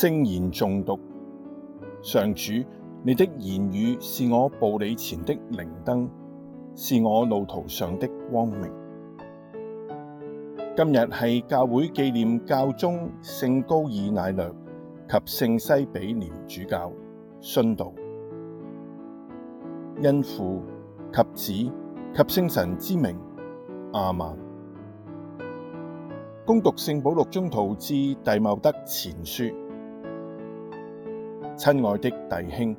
聖言誦讀，上主，你的言語是我步履前的靈燈，是我路途上的光明。今日係教會紀念教宗聖高爾乃略及聖西彼廉主教，殉道。因父及子及聖神之名，亞孟。恭讀聖保祿宗徒致弟茂德前書。親愛的弟兄，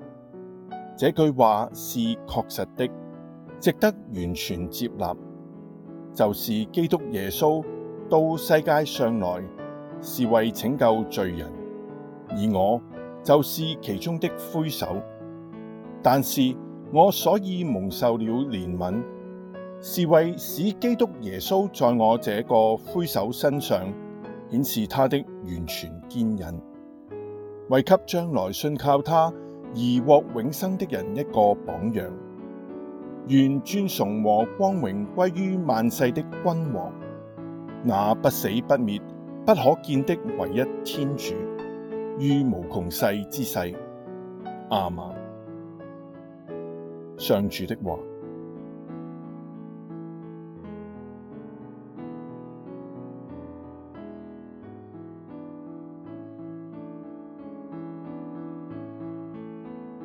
這句話是確實的，值得完全接納。就是基督耶穌到世界上來，是為拯救罪人，而我就是其中的魁首。但是我所以蒙受了憐憫，是為使基督耶穌在我這個魁首身上顯示他的完全堅忍。為給將來信靠他而獲永生的人一個榜樣，願尊崇和光榮歸於萬世的君王，那不死不滅、不可見的唯一天主，於無窮世之世，亞孟。上主的話。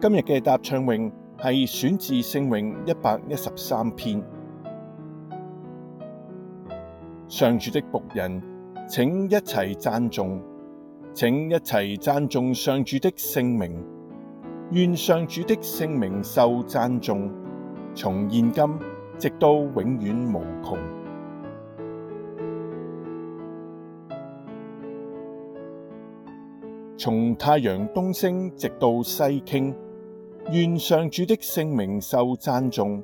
今日嘅答唱詠，係選自聖詠一百一十三篇。上主的僕人，請一齊讚頌，請一齊讚頌上主的聖名，願上主的聖名受讚頌，從現今直到永遠無窮，從太陽東升直到西傾。願上主的聖名受讚頌，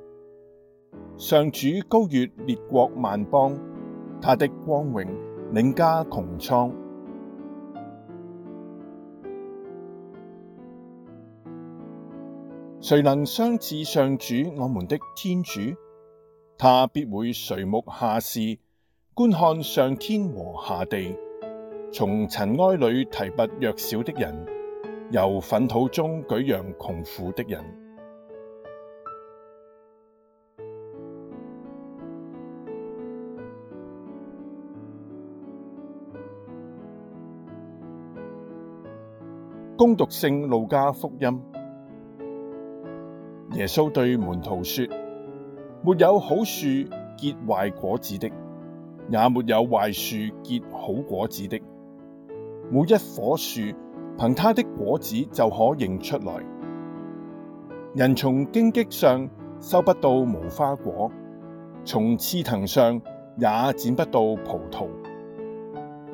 上主高越列國萬邦，他的光榮凌駕穹蒼。誰能相似上主我們的天主？他必會垂目下視，觀看上天和下地，從塵埃裏提拔弱小的人。由糞土中舉揚窮苦的人。恭讀聖路加福音，耶穌對門徒說：沒有好樹結壞果子的，也沒有壞樹結好果子的。每一棵樹。憑它的果子就可認出來。人從荊棘上收不到無花果，從茨藤上也剪不到葡萄。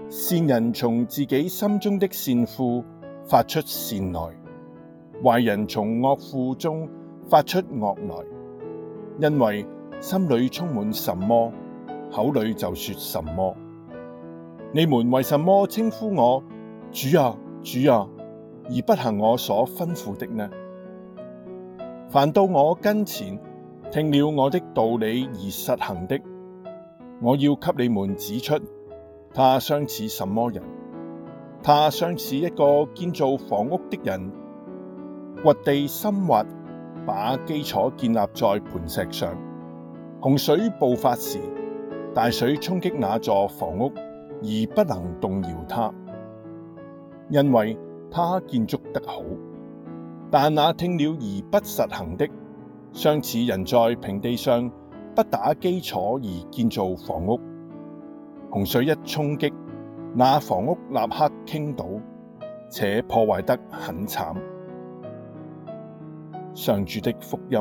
善人從自己心中的善庫發出善來，壞人從惡庫中發出惡來。因為心裏充滿什麼，口裏就說什麼。你們為什麼稱呼我主啊？主啊，而不行我所吩咐的呢？凡到我跟前聽了我的道理而實行的，我要給你們指出他相似什麼人？他相似一個建造房屋的人，掘地深挖，把基礎建立在磐石上。洪水爆發時，大水衝擊那座房屋，而不能動搖它。因為他建築得好，但那聽了而不實行的，相似人在平地上不打基礎而建造房屋，洪水一沖擊，那房屋立刻傾倒，且破壞得很慘。上主的福音。